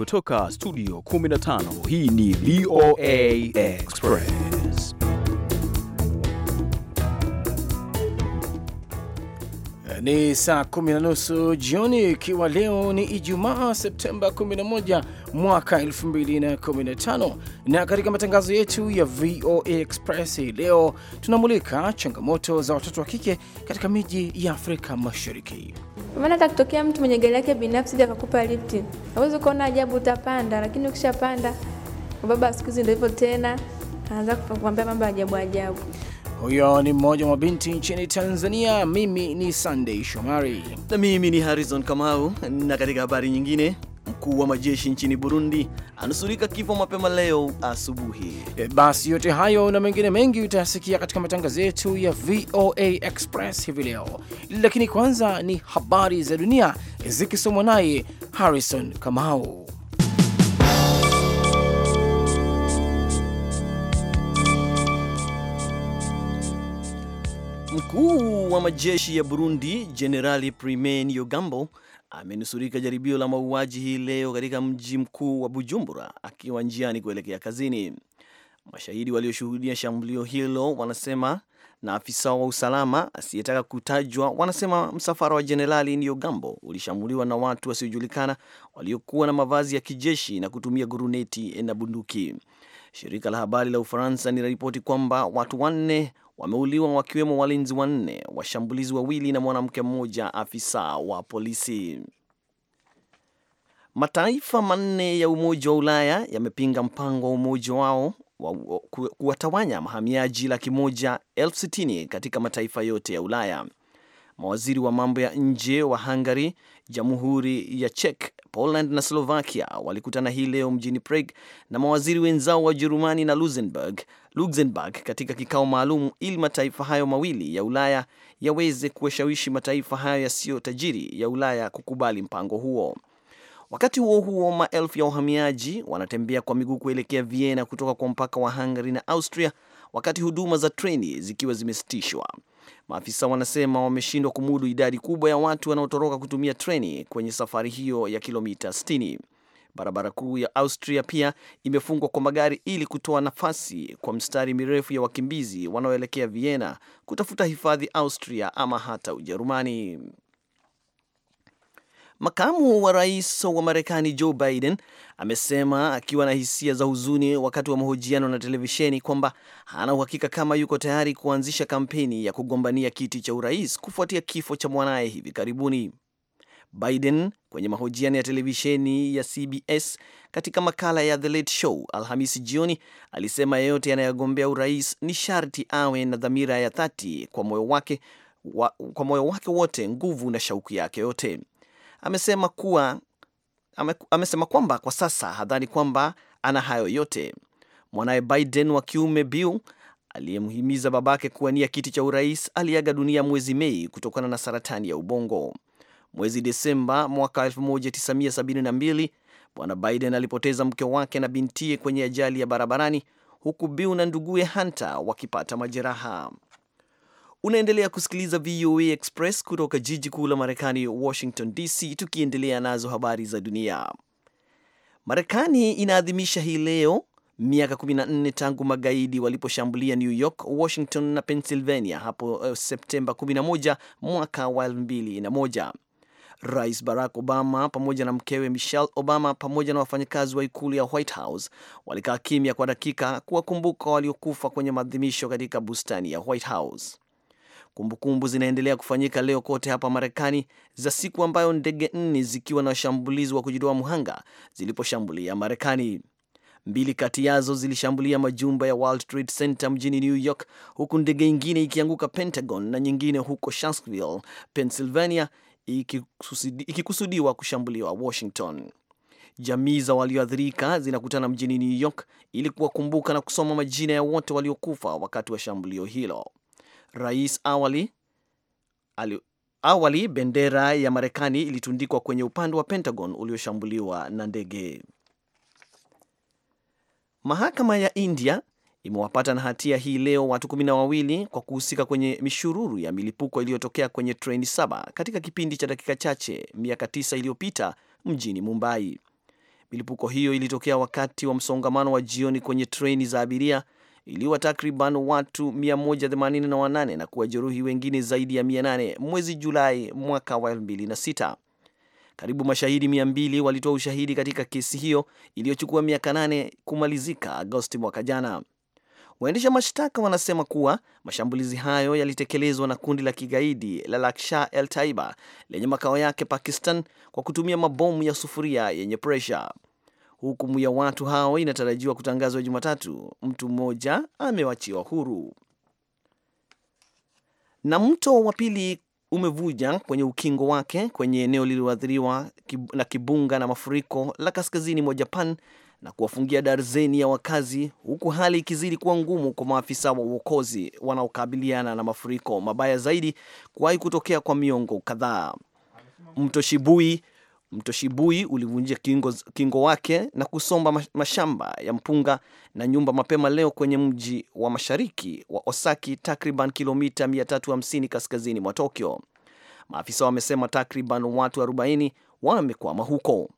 Kutoka studio 15 hii ni VOA Express. Ni saa kumi na nusu jioni, ikiwa leo ni Ijumaa Septemba 11 mwaka 2015, na katika matangazo yetu ya VOA Express hii leo tunamulika changamoto za watoto wa kike katika miji ya Afrika Mashariki maana hata kutokea mtu mwenye gari yake binafsi akakupa lifti, hauwezi kuona ajabu, utapanda. Lakini ukishapanda baba, siku hizi ndio hivyo tena, anaanza kukuambia mambo ajabu ajabu. Huyo ni mmoja wa mabinti nchini Tanzania. Mimi ni Sunday Shomari na mimi ni Harrison Kamau. Na katika habari nyingine mkuu wa majeshi nchini Burundi anusurika kifo mapema leo asubuhi. E, basi yote hayo na mengine mengi utayasikia katika matangazo yetu ya VOA Express hivi leo, lakini kwanza ni habari za dunia e, zikisomwa naye Harrison Kamau. Mkuu wa majeshi ya Burundi Jenerali Primain Yogambo amenusurika jaribio la mauaji hii leo katika mji mkuu wa Bujumbura akiwa njiani kuelekea kazini. Mashahidi walioshuhudia shambulio hilo wanasema na afisa wa usalama asiyetaka kutajwa wanasema msafara wa Jenerali Niogambo ulishambuliwa na watu wasiojulikana waliokuwa na mavazi ya kijeshi na kutumia guruneti na bunduki. Shirika la habari la Ufaransa linaripoti kwamba watu wanne wameuliwa wakiwemo walinzi wanne, washambulizi wawili na mwanamke mmoja, afisa wa polisi. Mataifa manne ya Umoja wa Ulaya yamepinga mpango wa umoja wao wa kuwatawanya mahamiaji laki moja elfu sitini katika mataifa yote ya Ulaya. Mawaziri wa mambo ya nje wa Hungary, Jamhuri ya Czech, Poland na Slovakia walikutana hii leo mjini Prague na mawaziri wenzao wa Jerumani na Luxembourg Luxembourg katika kikao maalum ili mataifa hayo mawili ya Ulaya yaweze kuwashawishi mataifa hayo yasiyo tajiri ya Ulaya kukubali mpango huo. Wakati huo huo, maelfu ya wahamiaji wanatembea kwa miguu kuelekea Vienna kutoka kwa mpaka wa Hungary na Austria, wakati huduma za treni zikiwa zimesitishwa. Maafisa wanasema wameshindwa kumudu idadi kubwa ya watu wanaotoroka kutumia treni kwenye safari hiyo ya kilomita 60. Barabara kuu ya Austria pia imefungwa kwa magari ili kutoa nafasi kwa mstari mirefu ya wakimbizi wanaoelekea Vienna kutafuta hifadhi Austria ama hata Ujerumani. Makamu wa rais wa Marekani Joe Biden amesema akiwa na hisia za huzuni wakati wa mahojiano na televisheni kwamba hana uhakika kama yuko tayari kuanzisha kampeni ya kugombania kiti cha urais kufuatia kifo cha mwanaye hivi karibuni. Biden kwenye mahojiano ya televisheni ya CBS katika makala ya The Late Show Alhamisi jioni alisema yeyote anayegombea urais ni sharti awe na dhamira ya dhati kwa moyo wake, wa, kwa moyo wake wote, nguvu na shauku yake yote. Amesema kuwa ame, amesema kwamba kwa sasa hadhani kwamba ana hayo yote. Mwanaye Biden wa kiume Bill aliyemhimiza babake kuwania kiti cha urais aliaga dunia mwezi Mei kutokana na saratani ya ubongo. Mwezi Desemba mwaka 1972 Bwana Biden alipoteza mke wake na bintie kwenye ajali ya barabarani, huku Bill na nduguye Hunter wakipata majeraha. Unaendelea kusikiliza VOA Express kutoka jiji kuu la Marekani, Washington DC, tukiendelea nazo habari za dunia. Marekani inaadhimisha hii leo miaka 14 tangu magaidi waliposhambulia New York, Washington na Pennsylvania hapo eh, Septemba 11 mwaka wa 2001. Rais Barack Obama pamoja na mkewe Michelle Obama pamoja na wafanyakazi wa ikulu ya White House walikaa kimya kwa dakika kuwakumbuka waliokufa kwenye maadhimisho katika bustani ya White House. Kumbukumbu zinaendelea kufanyika leo kote hapa Marekani za siku ambayo ndege nne zikiwa na washambulizi wa kujitoa mhanga ziliposhambulia Marekani. Mbili kati yazo zilishambulia majumba ya World Trade Center mjini New York, huku ndege ingine ikianguka Pentagon na nyingine huko Shanksville, Pennsylvania, ikikusudiwa kushambuliwa Washington. Jamii za walioathirika zinakutana mjini New York ili kuwakumbuka na kusoma majina ya wote waliokufa wakati wa shambulio hilo. Rais awali, ali, awali bendera ya Marekani ilitundikwa kwenye upande wa Pentagon ulioshambuliwa na ndege. Mahakama ya India imewapata na hatia hii leo watu kumi na wawili kwa kuhusika kwenye mishururu ya milipuko iliyotokea kwenye treni saba katika kipindi cha dakika chache miaka tisa iliyopita mjini Mumbai. Milipuko hiyo ilitokea wakati wa msongamano wa jioni kwenye treni za abiria, iliwa takriban watu 188 na kuwajeruhi wengine zaidi ya 800 mwezi Julai mwaka wa 2006. Karibu mashahidi 200 walitoa ushahidi katika kesi hiyo iliyochukua miaka 8 kumalizika Agosti mwaka jana. Waendesha mashtaka wanasema kuwa mashambulizi hayo yalitekelezwa na kundi la kigaidi la Laksha el Taiba lenye makao yake Pakistan kwa kutumia mabomu ya sufuria yenye presha. Hukumu ya watu hao inatarajiwa kutangazwa Jumatatu. Mtu mmoja amewachiwa huru. Na mto wa pili umevuja kwenye ukingo wake kwenye eneo lililoathiriwa na kibunga na mafuriko la kaskazini mwa Japan na kuwafungia darzeni ya wakazi, huku hali ikizidi kuwa ngumu kwa maafisa wa uokozi wanaokabiliana na mafuriko mabaya zaidi kuwahi kutokea kwa miongo kadhaa. Mto Shibui Mto Shibui ulivunjia kingo, kingo wake na kusomba mashamba ya mpunga na nyumba mapema leo kwenye mji wa mashariki wa Osaki, takriban kilomita 350 kaskazini mwa Tokyo. Maafisa wamesema takriban watu 40 wamekwama huko.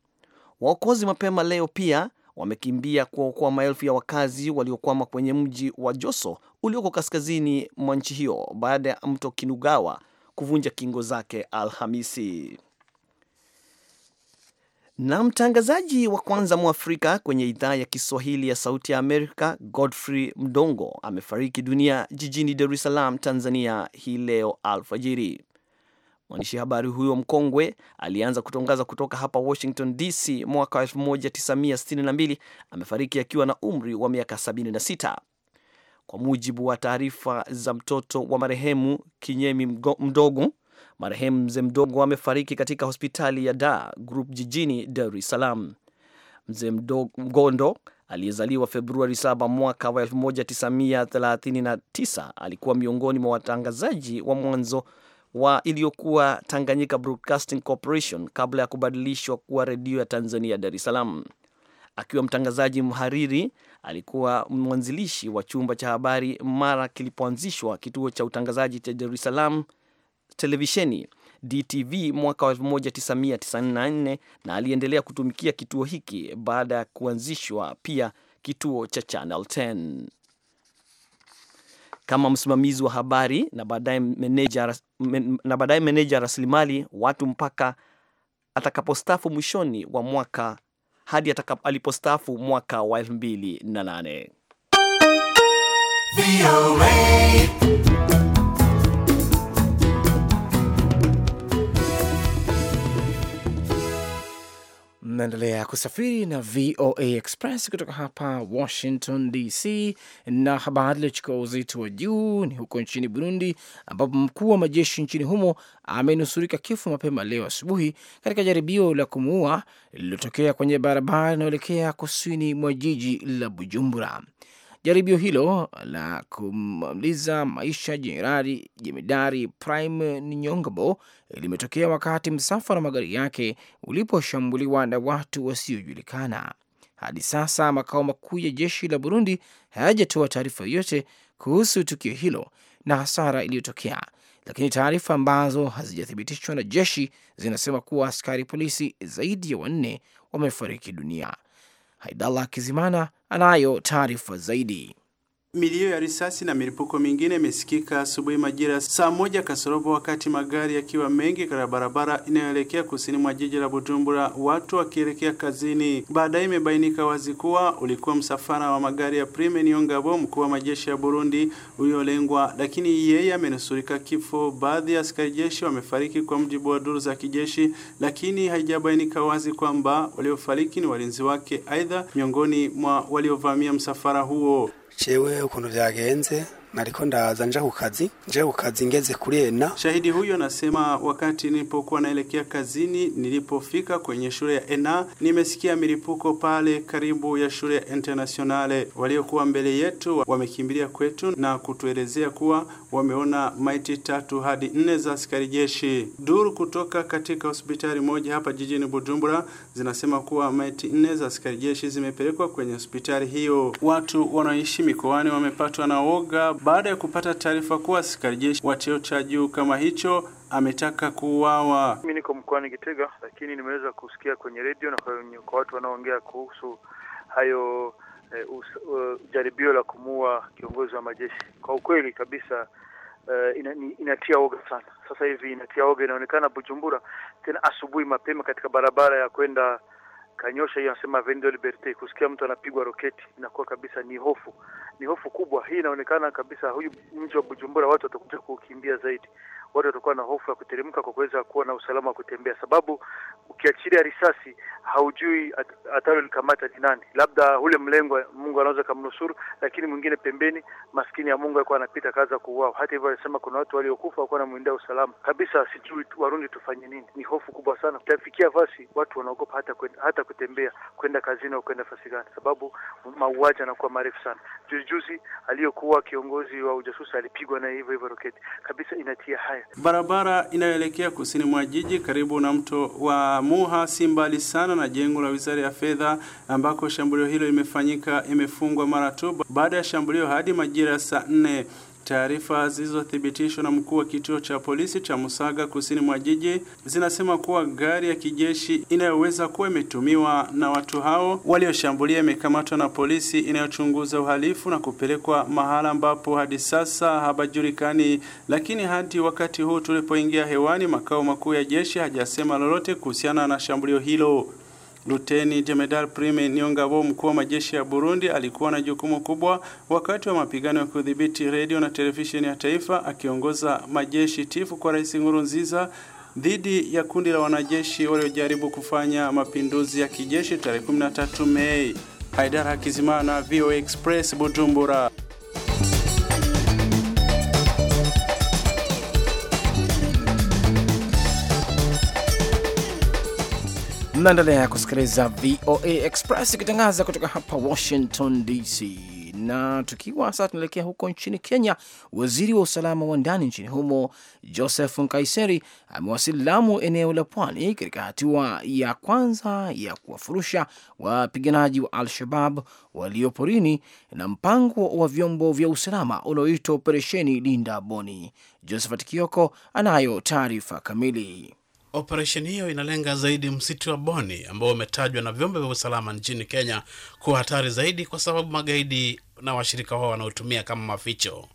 Waokozi mapema leo pia wamekimbia kuwaokoa maelfu ya wakazi waliokwama kwenye mji wa Joso ulioko kaskazini mwa nchi hiyo baada ya mto Kinugawa kuvunja kingo zake Alhamisi. Na mtangazaji wa kwanza Mwafrika kwenye idhaa ya Kiswahili ya Sauti ya Amerika, Godfrey Mdongo amefariki dunia jijini Dar es Salaam, Tanzania hii leo alfajiri. Mwandishi habari huyo mkongwe alianza kutangaza kutoka hapa Washington DC mwaka 1962. Amefariki akiwa na umri wa miaka 76, kwa mujibu wa taarifa za mtoto wa marehemu Kinyemi Mdogo. Marehemu Mzee Mdogo amefariki katika hospitali ya Da Group jijini Dar es Salaam. Mzee Mgondo aliyezaliwa Februari 7 mwaka wa 1939 alikuwa miongoni mwa watangazaji wa mwanzo wa iliyokuwa Tanganyika Broadcasting Corporation kabla ya kubadilishwa kuwa redio ya Tanzania Dar es Salaam. Akiwa mtangazaji mhariri, alikuwa mwanzilishi wa chumba cha habari mara kilipoanzishwa kituo cha utangazaji cha Dar es Salaam televisheni DTV mwaka wa 1994 na aliendelea kutumikia kituo hiki baada ya kuanzishwa pia kituo cha Channel 10 kama msimamizi wa habari na baadaye meneja, na baadaye meneja rasilimali watu mpaka atakapostafu mwishoni wa mwaka hadi alipostafu mwaka wa 2008. Mnaendelea kusafiri na VOA Express kutoka hapa Washington DC, na habari iliyochukua uzito wa juu ni huko nchini Burundi, ambapo mkuu wa majeshi nchini humo amenusurika kifo mapema leo asubuhi katika jaribio la kumuua lililotokea kwenye barabara inayoelekea kusini mwa jiji la Bujumbura. Jaribio hilo la kumaliza maisha jenerali jemedari Prime Nyongbo limetokea wakati msafara wa magari yake uliposhambuliwa na watu wasiojulikana. Hadi sasa makao makuu ya jeshi la Burundi hayajatoa taarifa yoyote kuhusu tukio hilo na hasara iliyotokea, lakini taarifa ambazo hazijathibitishwa na jeshi zinasema kuwa askari polisi zaidi ya wanne wamefariki dunia. Haidallah Kizimana anayo taarifa zaidi. Milio ya risasi na milipuko mingine imesikika asubuhi majira saa moja kasorobo, wakati magari yakiwa mengi katika barabara inayoelekea kusini mwa jiji la Bujumbura, watu wakielekea kazini. Baadaye imebainika wazi kuwa ulikuwa msafara wa magari ya Prime Niyongabo, mkuu wa majeshi ya Burundi, uliolengwa, lakini yeye amenusurika kifo. Baadhi ya askari jeshi wamefariki kwa mjibu wa duru za kijeshi, lakini haijabainika wazi kwamba waliofariki ni walinzi wake. Aidha, miongoni mwa waliovamia msafara huo cewe ukuntu vyagenze. nariko ndaza nja kukazi kazi nje ku kazi ngeze Shahidi huyo nasema, wakati nilipokuwa naelekea kazini, nilipofika kwenye shule ya ENA nimesikia milipuko pale karibu ya shule ya Internationale. Waliokuwa mbele yetu wamekimbilia kwetu na kutuelezea kuwa wameona maiti tatu hadi nne za askari jeshi. Duru kutoka katika hospitali moja hapa jijini Bujumbura zinasema kuwa maiti nne za askari jeshi zimepelekwa kwenye hospitali hiyo. Watu wanaoishi mikoani wamepatwa na woga baada ya kupata taarifa kuwa askari jeshi wa cheo cha juu kama hicho ametaka kuuawa. Mimi niko mkoani Kitega, lakini nimeweza kusikia kwenye redio na kwa watu wanaoongea kuhusu hayo e, us, uh, jaribio la kumuua kiongozi wa majeshi. Kwa ukweli kabisa Uh, ina, inatia oga sana. Sasa hivi inatia oga, inaonekana Bujumbura tena asubuhi mapema katika barabara ya kwenda Kanyosha hiyo anasema vendo liberte, kusikia mtu anapigwa roketi inakuwa kabisa ni hofu, ni hofu kubwa. Hii inaonekana kabisa, huyu mji wa Bujumbura watu watakuja kukimbia zaidi wale watakuwa na hofu ya kuteremka kwa kuweza kuwa na usalama wa kutembea, sababu ukiachilia risasi haujui atalolikamata ni nani. Labda ule mlengwa Mungu anaweza kumnusuru, lakini mwingine pembeni, maskini ya Mungu alikuwa anapita kaza kuuawa. Hata hivyo, alisema kuna watu waliokufa walikuwa wanamwendea usalama kabisa. Sijui Warundi tufanye nini, ni hofu kubwa sana. Utafikia fasi watu wanaogopa hata kwen, hata kutembea kwenda kazini au kwenda fasi gani, sababu mauaji yanakuwa marefu sana. Juzijuzi aliyokuwa kiongozi wa ujasusi alipigwa na hivyo hivyo roketi kabisa, inatia haya Barabara inayoelekea kusini mwa jiji karibu na mto wa Muha si mbali sana na jengo la Wizara ya Fedha ambako shambulio hilo limefanyika, imefungwa mara tu baada ya shambulio hadi majira ya saa nne. Taarifa zilizothibitishwa na mkuu wa kituo cha polisi cha Musaga kusini mwa jiji zinasema kuwa gari ya kijeshi inayoweza kuwa imetumiwa na watu hao walioshambulia imekamatwa na polisi inayochunguza uhalifu na kupelekwa mahala ambapo hadi sasa hapajulikani. Lakini hadi wakati huu tulipoingia hewani, makao makuu ya jeshi hajasema lolote kuhusiana na shambulio hilo. Luteni Jemedar Prime Niongabo, mkuu wa majeshi ya Burundi, alikuwa na jukumu kubwa wakati wa mapigano ya kudhibiti redio na televisheni ya taifa, akiongoza majeshi tifu kwa Rais Nkurunziza dhidi ya kundi la wanajeshi waliojaribu kufanya mapinduzi ya kijeshi tarehe 13 Mei. Haidara Hakizimana, VOA Express, Bujumbura. Mnaendelea kusikiliza VOA Express ikitangaza kutoka hapa Washington DC, na tukiwa sasa tunaelekea huko nchini Kenya. Waziri wa usalama wa ndani nchini humo Joseph Nkaiseri amewasili Lamu, eneo la pwani, katika hatua ya kwanza ya kuwafurusha wapiganaji wa Al-Shabab walioporini na mpango wa vyombo vya usalama unaoitwa Operesheni Linda Boni. Josephat Kioko anayo taarifa kamili. Operesheni hiyo inalenga zaidi msitu wa Boni ambao umetajwa na vyombo vya usalama nchini Kenya kuwa hatari zaidi kwa sababu magaidi na washirika wao wanaotumia kama maficho.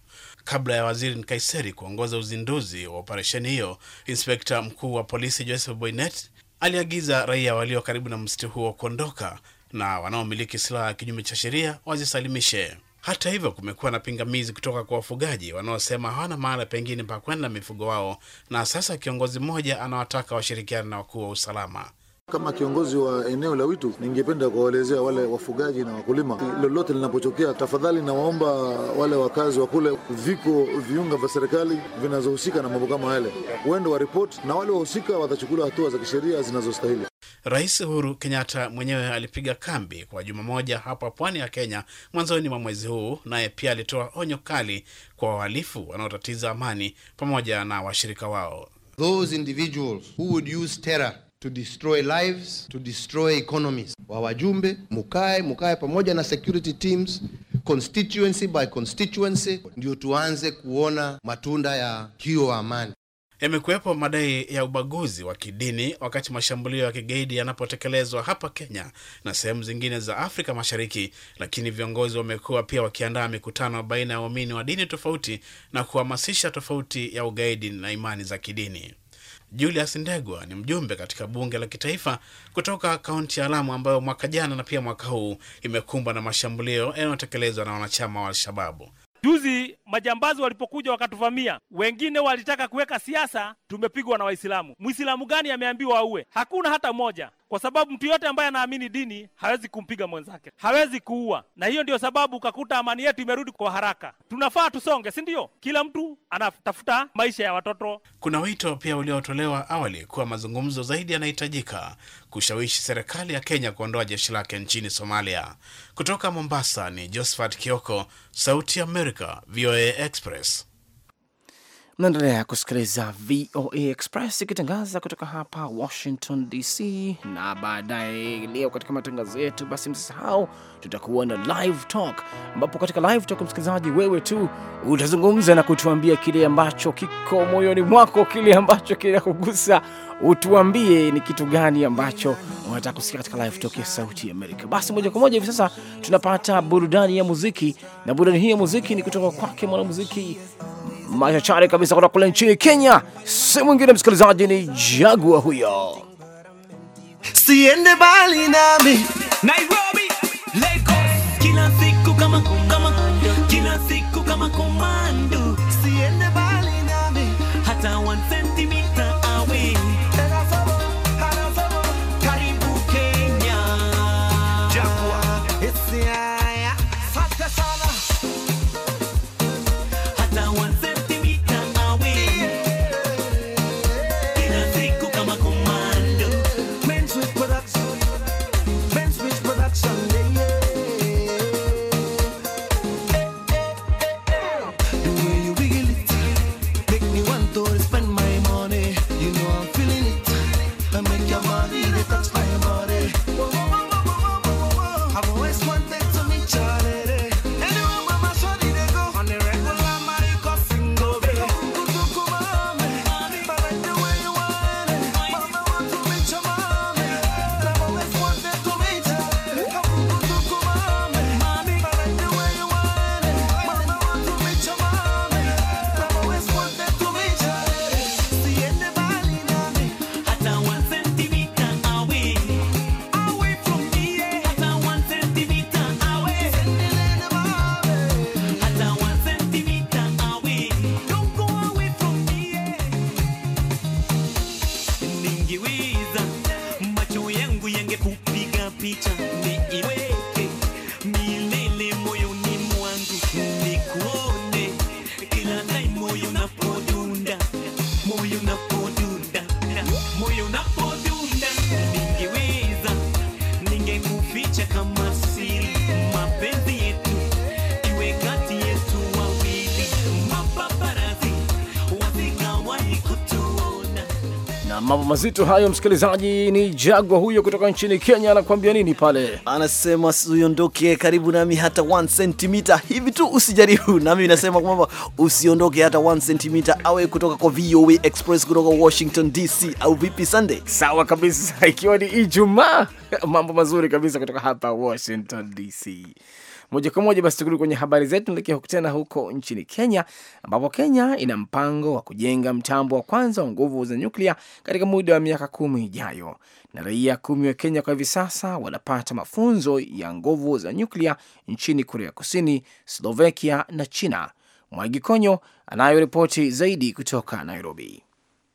Kabla ya Waziri Nkaiseri kuongoza uzinduzi wa operesheni hiyo, inspekta mkuu wa polisi Joseph Boynet aliagiza raia walio karibu na msitu huo kuondoka na wanaomiliki silaha kinyume cha sheria wazisalimishe. Hata hivyo, kumekuwa na pingamizi kutoka kwa wafugaji wanaosema hawana mahala pengine pa kwenda mifugo wao, na sasa kiongozi mmoja anawataka washirikiane na wakuu wa usalama. Kama kiongozi wa eneo la Witu, ningependa kuwaelezea wale wafugaji na wakulima, lolote linapotokea, tafadhali nawaomba wale wakazi wa kule, viko viunga vya serikali vinazohusika na mambo kama yale, uende wa ripoti na wale wahusika watachukuliwa hatua za kisheria zinazostahili. Rais Uhuru Kenyatta mwenyewe alipiga kambi kwa juma moja hapa pwani ya Kenya mwanzoni mwa mwezi huu, naye pia alitoa onyo kali kwa wahalifu wanaotatiza amani pamoja na washirika wao Those to destroy lives, to destroy economies. Wa wajumbe mukae mukae pamoja na security teams constituency by constituency, ndio tuanze kuona matunda ya hiyo amani. Yamekuwepo madai ya ubaguzi wa kidini wakati mashambulio ya kigaidi yanapotekelezwa hapa Kenya na sehemu zingine za Afrika Mashariki, lakini viongozi wamekuwa pia wakiandaa mikutano baina ya waumini wa dini tofauti na kuhamasisha tofauti ya ugaidi na imani za kidini. Julius Ndegwa ni mjumbe katika bunge la kitaifa kutoka kaunti ya Lamu ambayo mwaka jana na pia mwaka huu imekumbwa na mashambulio yanayotekelezwa na wanachama wa Alshababu. Juzi majambazi walipokuja wakatuvamia, wengine walitaka kuweka siasa, tumepigwa na Waislamu. Mwislamu gani ameambiwa auwe? Hakuna hata mmoja kwa sababu mtu yote ambaye anaamini dini hawezi kumpiga mwenzake, hawezi kuua, na hiyo ndio sababu ukakuta amani yetu imerudi kwa haraka. Tunafaa tusonge, si ndio? Kila mtu anatafuta maisha ya watoto. Kuna wito pia uliotolewa awali kuwa mazungumzo zaidi yanahitajika kushawishi serikali ya Kenya kuondoa jeshi lake nchini Somalia. Kutoka Mombasa ni Josephat Kioko, Sauti ya Amerika. America, VOA Express. Naendelea kusikiliza VOA Express ikitangaza kutoka hapa Washington DC, na baadaye leo katika matangazo yetu, basi msisahau, tutakuwa na live talk, ambapo katika live talk, msikilizaji, wewe tu utazungumza na kutuambia kile ambacho kiko moyoni mwako, kile ambacho kinakugusa, utuambie ni kitu gani ambacho unataka kusikia katika live talk ya Sauti ya Amerika. Basi moja kwa moja hivi sasa tunapata burudani ya muziki, na burudani hii ya muziki ni kutoka kwake mwanamuziki machachari kabisa kutoka kule nchini Kenya, si mwingine msikilizaji, ni Jagua huyo, siende bali nami mambo mazito hayo, msikilizaji. Ni Jagwa huyo kutoka nchini Kenya, anakuambia nini pale? Anasema usiondoke karibu nami hata 1 cm, hivi tu usijaribu. Nami nasema kwamba usiondoke hata 1 cm. Awe kutoka kwa VOA Express kutoka Washington DC, au vipi Sunday? Sawa kabisa, ikiwa ni Ijumaa, mambo mazuri kabisa kutoka hapa Washington DC. Moja kwa moja basi tukirudi kwenye habari zetu, tunaelekea kukutana huko nchini Kenya, ambapo Kenya ina mpango wa kujenga mtambo wa kwanza wa nguvu za nyuklia katika muda wa miaka kumi ijayo, na raia kumi wa Kenya kwa hivi sasa wanapata mafunzo ya nguvu za nyuklia nchini Korea Kusini, Slovakia na China. Mwangi Konyo anayo ripoti zaidi kutoka Nairobi.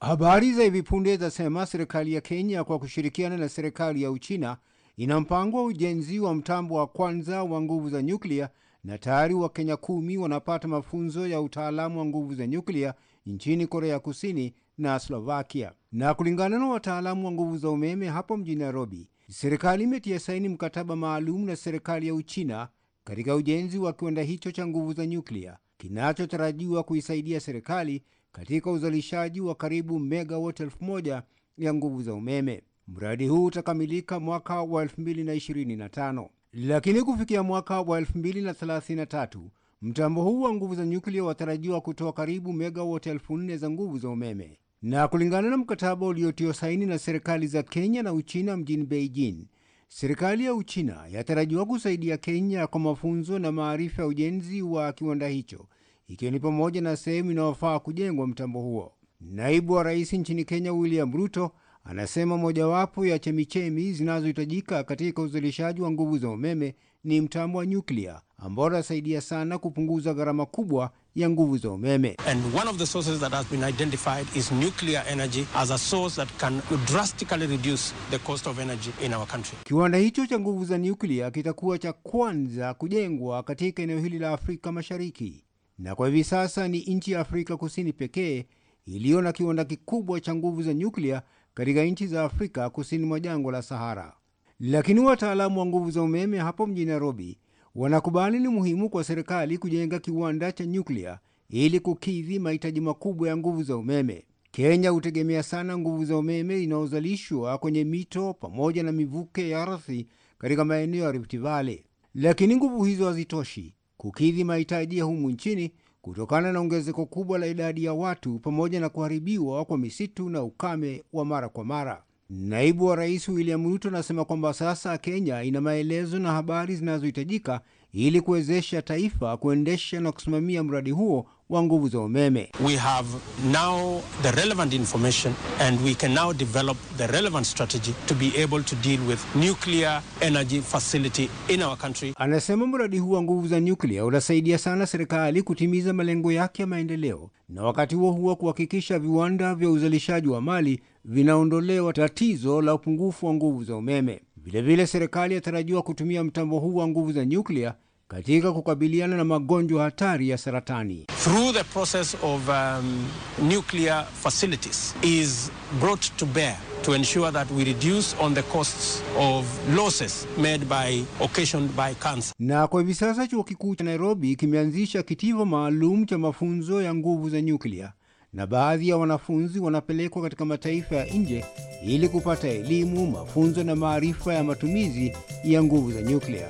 Habari za hivi punde zasema serikali ya Kenya kwa kushirikiana na serikali ya Uchina ina mpango wa ujenzi wa mtambo wa kwanza wa nguvu za nyuklia na tayari Wakenya kumi wanapata mafunzo ya utaalamu wa nguvu za nyuklia nchini Korea Kusini na Slovakia. Na kulingana na wataalamu wa nguvu za umeme hapo mjini Nairobi, serikali imetia saini mkataba maalum na serikali ya Uchina katika ujenzi wa kiwanda hicho cha nguvu za nyuklia kinachotarajiwa kuisaidia serikali katika uzalishaji wa karibu megawatt elfu moja ya nguvu za umeme. Mradi huu utakamilika mwaka wa 2025, lakini kufikia mwaka wa 2033 mtambo huu wa nguvu za nyuklia watarajiwa kutoa karibu megawati elfu za nguvu za umeme. Na kulingana na mkataba uliotio saini na serikali za Kenya na Uchina mjini Beijing, serikali ya Uchina yatarajiwa kusaidia Kenya kwa mafunzo na maarifa ya ujenzi wa kiwanda hicho, ikiwa ni pamoja na sehemu inayofaa kujengwa mtambo huo. Naibu wa rais nchini Kenya William Ruto Anasema mojawapo ya chemichemi zinazohitajika katika uzalishaji wa nguvu za umeme ni mtambo wa nyuklia ambao unasaidia sana kupunguza gharama kubwa ya nguvu za umeme. And one of the sources that has been identified is nuclear energy as a source that can drastically reduce the cost of energy in our country. Kiwanda hicho cha nguvu za nyuklia kitakuwa cha kwanza kujengwa katika eneo hili la Afrika Mashariki, na kwa hivi sasa ni nchi ya Afrika Kusini pekee iliyo na kiwanda kikubwa cha nguvu za nyuklia katika nchi za Afrika kusini mwa jangwa la Sahara. Lakini wataalamu wa nguvu za umeme hapo mjini Nairobi wanakubali ni muhimu kwa serikali kujenga kiwanda cha nyuklia ili kukidhi mahitaji makubwa ya nguvu za umeme. Kenya hutegemea sana nguvu za umeme inayozalishwa kwenye mito pamoja na mivuke ya ardhi katika maeneo ya Rift Valley, lakini nguvu hizo hazitoshi kukidhi mahitaji ya humu nchini kutokana na ongezeko kubwa la idadi ya watu pamoja na kuharibiwa kwa misitu na ukame wa mara kwa mara. Naibu wa Rais William Ruto anasema kwamba sasa Kenya ina maelezo na habari zinazohitajika ili kuwezesha taifa kuendesha na kusimamia mradi huo wa nguvu za umeme. We have now the relevant information and we can now develop the relevant strategy to be able to deal with nuclear energy facility in our country. Anasema mradi huu wa nguvu za nyuklia utasaidia sana serikali kutimiza malengo yake ya maendeleo na wakati huo huo kuhakikisha viwanda vya uzalishaji wa mali vinaondolewa tatizo la upungufu wa nguvu za umeme. Vilevile, serikali yatarajiwa kutumia mtambo huu wa nguvu za nyuklia katika kukabiliana na magonjwa hatari ya saratani. Through the process of um, nuclear facilities is brought to bear to ensure that we reduce on the costs of losses made by occasioned by cancer. Na kwa hivi sasa chuo kikuu cha Nairobi kimeanzisha kitivo maalum cha mafunzo ya nguvu za nyuklia na baadhi ya wanafunzi wanapelekwa katika mataifa ya nje ili kupata elimu, mafunzo na maarifa ya matumizi ya nguvu za nyuklia.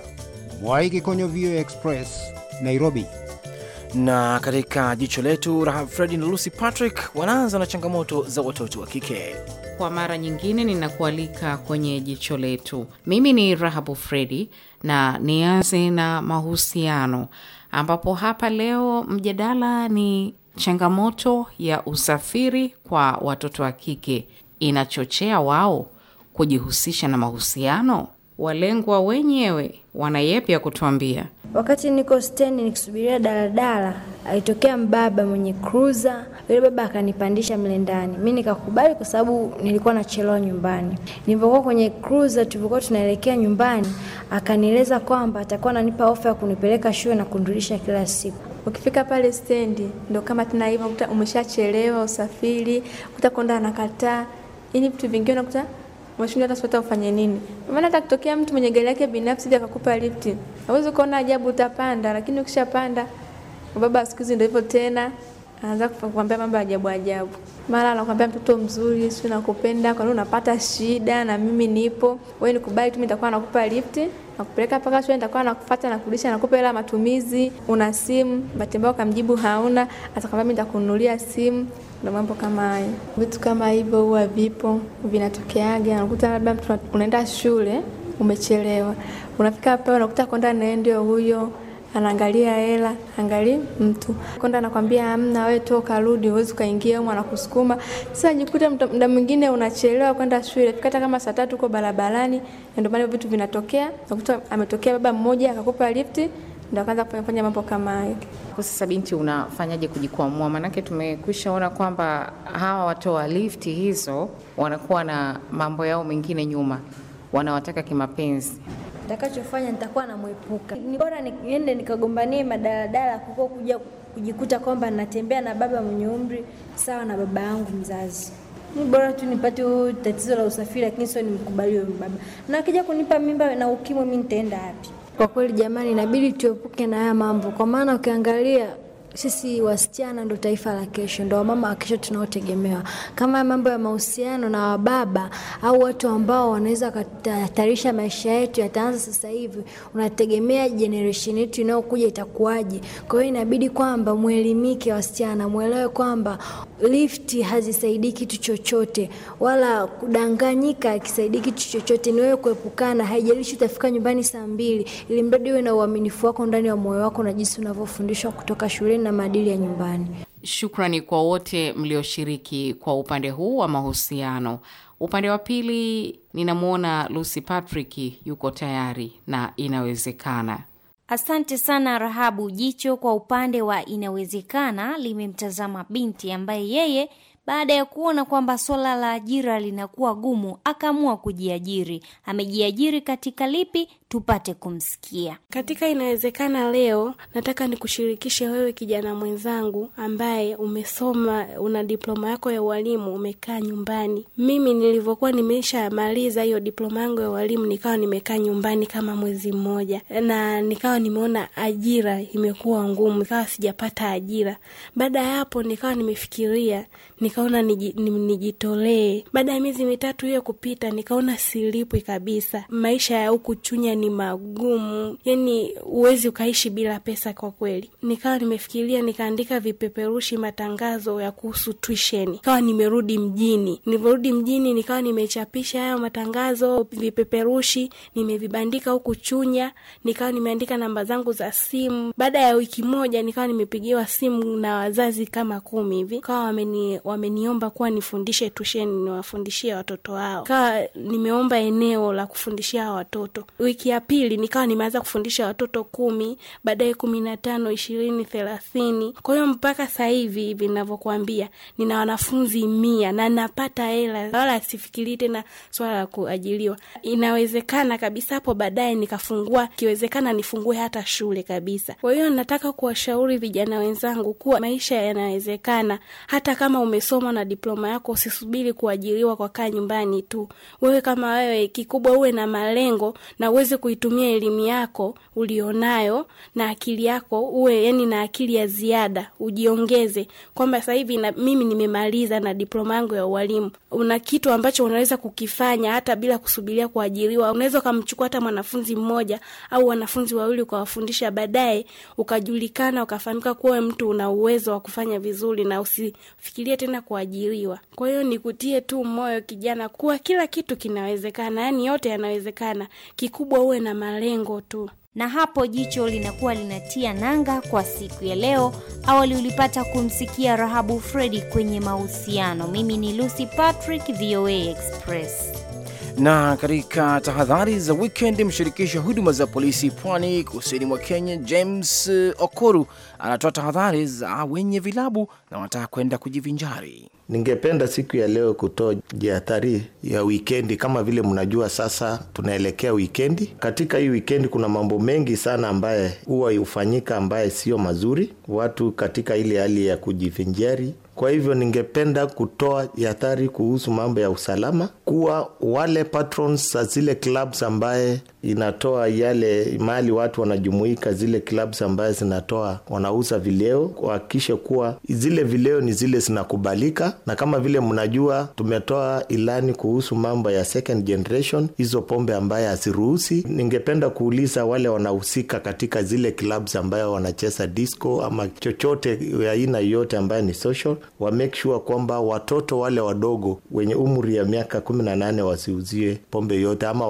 Kikonyo, VOA Express, Nairobi. Na katika jicho letu, Rahab Fredi na Lucy Patrick wanaanza na changamoto za watoto wa kike. Kwa mara nyingine ninakualika kwenye jicho letu. Mimi ni Rahabu Fredi na nianze na mahusiano, ambapo hapa leo mjadala ni changamoto ya usafiri kwa watoto wa kike. Inachochea wao kujihusisha na mahusiano? Walengwa wenyewe wana yepi ya kutuambia. Wakati niko stendi nikisubiria daladala, alitokea mbaba mwenye cruiser. Yule baba akanipandisha mle ndani, mi nikakubali kwa sababu nilikuwa nachelewa nyumbani. Nilivyokuwa kwenye cruiser, tulipokuwa tunaelekea nyumbani, akanieleza kwamba atakuwa ananipa ofa ya kunipeleka shule na kundulisha kila siku. Ukifika pale stendi, ndo kama tena hivyo, umeshachelewa usafiri, konda anakataa, ili yaani vitu vingine unakuta umeshindwa hata sweta ufanye nini? Maana hata kutokea mtu mwenye gari yake binafsi je akakupa lifti, hauwezi ukaona ajabu, utapanda. Lakini ukishapanda baba, siku hizi ndio hivyo tena, anaanza kukwambia mambo ajabu ajabu, mara anakwambia mtoto mzuri, si nakupenda, kwa nini unapata shida? Na mimi nipo, wewe nikubali tu, mimi nitakuwa nakupa lifti nakupeleka mpaka shule, nitakuwa nakufuata na kurudisha, nakupa hela matumizi. Una simu, bahati mbaya ukamjibu hauna, atakwambia mimi nitakununulia simu ndo mambo kama hayo. Vitu kama hivyo huwa vipo, vinatokeaga. Unakuta labda mtu unaenda shule umechelewa, unafika pale unakuta konda naye ndio huyo anaangalia hela, angalia mtu konda anakwambia amna, wewe toka rudi, uwezi ukaingia humo, anakusukuma. Sasa jikuta mda mwingine unachelewa kwenda shule, fika hata kama saa tatu uko barabarani. Ndio maana vitu vinatokea, unakuta ametokea baba mmoja akakupa lifti ndo akaanza kufanya mambo kama hayo. Sasa binti, unafanyaje kujikwamua? Maanake tumekwishaona kwamba hawa watoa lifti hizo wanakuwa na mambo yao mengine nyuma, wanawataka kimapenzi. Nitakachofanya nitakuwa namwepuka, ni bora niende nikagombanie madaladala kuko kuja kujikuta kwamba natembea na baba mwenye umri sawa na baba yangu mzazi. Ni bora tu nipate tatizo la usafiri, lakini sio nimkubali huyo baba, na akija kunipa mimba na ukimwi, mi nitaenda wapi? kwa kweli jamani, inabidi tuepuke na haya mambo, kwa maana ukiangalia sisi wasichana ndo taifa la kesho, ndo wamama wa kesho tunaotegemewa. Kama mambo ya mahusiano na wababa au watu ambao wanaweza wakahatarisha maisha yetu yataanza sasa hivi, unategemea jenereshen yetu inayokuja itakuwaje? Kwa hiyo inabidi kwamba mwelimike, wasichana mwelewe kwamba lifti hazisaidii kitu chochote, wala kudanganyika akisaidii kitu chochote. Ni wewe kuepukana, haijalishi utafika nyumbani saa mbili, ili mradi uwe na uaminifu wako ndani ya moyo wako na jinsi unavyofundishwa kutoka shuleni na maadili ya nyumbani. Shukrani kwa wote mlioshiriki kwa upande huu wa mahusiano. Upande wa pili ninamwona Lucy Patrick yuko tayari na inawezekana. Asante sana Rahabu. Jicho kwa upande wa inawezekana limemtazama binti ambaye yeye baada ya kuona kwamba swala la ajira linakuwa gumu, akaamua kujiajiri. Amejiajiri katika lipi? tupate kumsikia. Katika inawezekana leo, nataka nikushirikishe wewe kijana mwenzangu ambaye umesoma, una diploma yako ya ualimu, umekaa nyumbani. Mimi nilivyokuwa nimeshamaliza hiyo diploma yangu ya ualimu, nikawa nimekaa nyumbani kama mwezi mmoja, na nikawa nimeona ajira imekuwa ngumu, ikawa sijapata ajira. Baada ya hapo, nikawa nimefikiria, nikaona nijitolee. Baada ya miezi mitatu hiyo kupita, nikaona silipwi kabisa, maisha ya huku Chunya ni magumu, yani huwezi ukaishi bila pesa kwa kweli. Nikawa nimefikiria, nikaandika vipeperushi, matangazo ya kuhusu tuisheni Nikawa nimerudi mjini, nilivyorudi mjini nikawa nimechapisha hayo matangazo, vipeperushi nimevibandika huku Chunya, nikawa nimeandika namba zangu za simu. Baada ya wiki moja nikawa nimepigiwa simu na wazazi kama kumi hivi, kawa wameni, wameniomba kuwa nifundishe tusheni niwafundishie watoto wao, kawa nimeomba eneo la kufundishia watoto wiki ya pili nikawa nimeanza kufundisha watoto kumi, baadaye kumi na tano, ishirini, thelathini. Kwa hiyo mpaka sahivi hivi hivi nina wanafunzi mia na napata hela, wala sifikirii tena swala la kuajiliwa. Inawezekana kabisa hapo baadaye nikafungua, ikiwezekana nifungue hata shule kabisa. Kwa hiyo nataka kuwashauri vijana wenzangu kuwa maisha yanawezekana, hata kama umesoma na diploma yako, usisubiri kuajiliwa kwa kaa nyumbani tu. Wewe kama wewe, kikubwa uwe na malengo na uweze uweze kuitumia elimu yako ulionayo na akili yako, uwe yani na akili ya ziada, ujiongeze kwamba sasa hivi na mimi nimemaliza na diploma yangu ya ualimu, una kitu ambacho unaweza kukifanya hata bila kusubiria kuajiriwa. Unaweza ukamchukua hata mwanafunzi mmoja au wanafunzi wawili ukawafundisha, baadaye ukajulikana, ukafahamika kuwa mtu una uwezo wa kufanya vizuri, na usifikirie tena kuajiriwa. Kwa hiyo nikutie tu moyo kijana, kuwa kila kitu kinawezekana, yani yote yanawezekana, kikubwa uwe na malengo tu. Na hapo jicho linakuwa linatia nanga kwa siku ya leo. Awali ulipata kumsikia Rahabu Fredi kwenye mahusiano. Mimi ni Lucy Patrick, VOA Express. Na katika tahadhari za wikendi, mshirikisho wa huduma za polisi pwani kusini mwa Kenya James Okoru anatoa tahadhari za wenye vilabu na wanataka kwenda kujivinjari. Ningependa siku ya leo kutoa jihadhari ya wikendi. Kama vile mnajua, sasa tunaelekea wikendi. Katika hii wikendi kuna mambo mengi sana ambaye huwa hufanyika ambaye sio mazuri. Watu katika ile hali ya kujivinjari kwa hivyo ningependa kutoa yadhari kuhusu mambo ya usalama, kuwa wale patrons za zile clubs ambaye inatoa yale mali watu wanajumuika, zile clubs ambaye zinatoa wanauza vileo, kuhakikisha kuwa zile vileo ni zile zinakubalika, na kama vile mnajua, tumetoa ilani kuhusu mambo ya second generation, hizo pombe ambaye haziruhusi. Ningependa kuuliza wale wanahusika katika zile clubs ambayo wanacheza disco ama chochote aina yoyote ambayo ni social wa make sure kwamba watoto wale wadogo wenye umri ya miaka kumi na nane wasiuzie pombe yote ama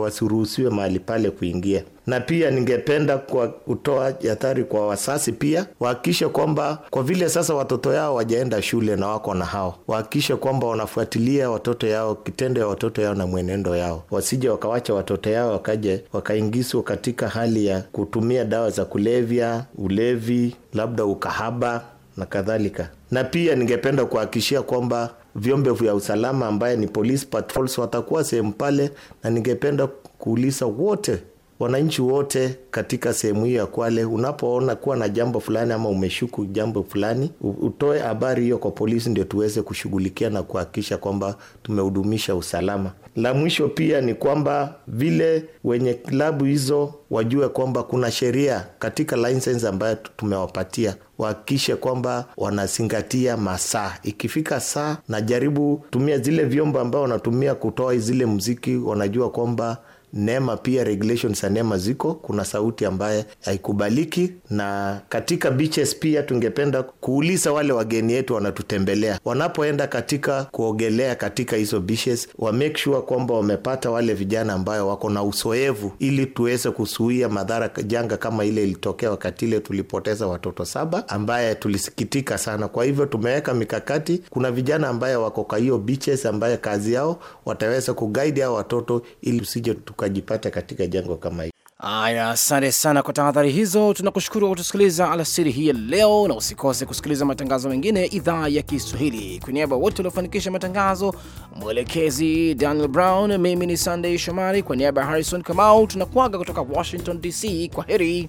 wasiruhusiwe mahali pale kuingia na pia ningependa kwa kutoa hatari kwa wasasi pia wahakikishe kwamba kwa vile sasa watoto yao wajaenda shule na wako na hao, wahakikishe kwamba wanafuatilia watoto yao, kitendo ya watoto yao na mwenendo yao, wasije wakawacha watoto yao wakaje wakaingizwa katika hali ya kutumia dawa za kulevya, ulevi, labda ukahaba na kadhalika. Na pia ningependa kuhakikishia kwamba vyombo vya usalama ambaye ni police patrols watakuwa sehemu pale, na ningependa kuuliza wote wananchi wote katika sehemu hiyo ya Kwale, unapoona kuwa na jambo fulani ama umeshuku jambo fulani, utoe habari hiyo kwa polisi, ndio tuweze kushughulikia na kuhakikisha kwamba tumehudumisha usalama. La mwisho pia ni kwamba vile wenye klabu hizo wajue kwamba kuna sheria katika license ambayo tumewapatia, wahakikishe kwamba wanazingatia masaa. Ikifika saa, na jaribu tumia zile vyombo ambayo wanatumia kutoa zile mziki, wanajua kwamba NEMA pia regulations za NEMA ziko, kuna sauti ambaye haikubaliki. Na katika beaches pia tungependa kuuliza wale wageni yetu wanatutembelea, wanapoenda katika kuogelea katika hizo beaches, wa make sure kwamba wamepata wale vijana ambayo wako na usoevu ili tuweze kuzuia madhara janga kama ile ilitokea wakati ile tulipoteza watoto saba, ambaye tulisikitika sana. Kwa hivyo tumeweka mikakati, kuna vijana ambaye wako kwa hiyo beaches ambaye kazi yao wataweza kuguide hao watoto ili tusije tuka ukajipata katika jengo kama hili. Haya, asante sana kwa tahadhari hizo. Tunakushukuru kwa kutusikiliza alasiri hii ya leo, na usikose kusikiliza matangazo mengine ya idhaa ya Kiswahili. Kwa niaba wote waliofanikisha matangazo, mwelekezi Daniel Brown, mimi ni sandey Shomari, kwa niaba ya Harrison Kamau, tunakuaga kutoka Washington DC. Kwa heri.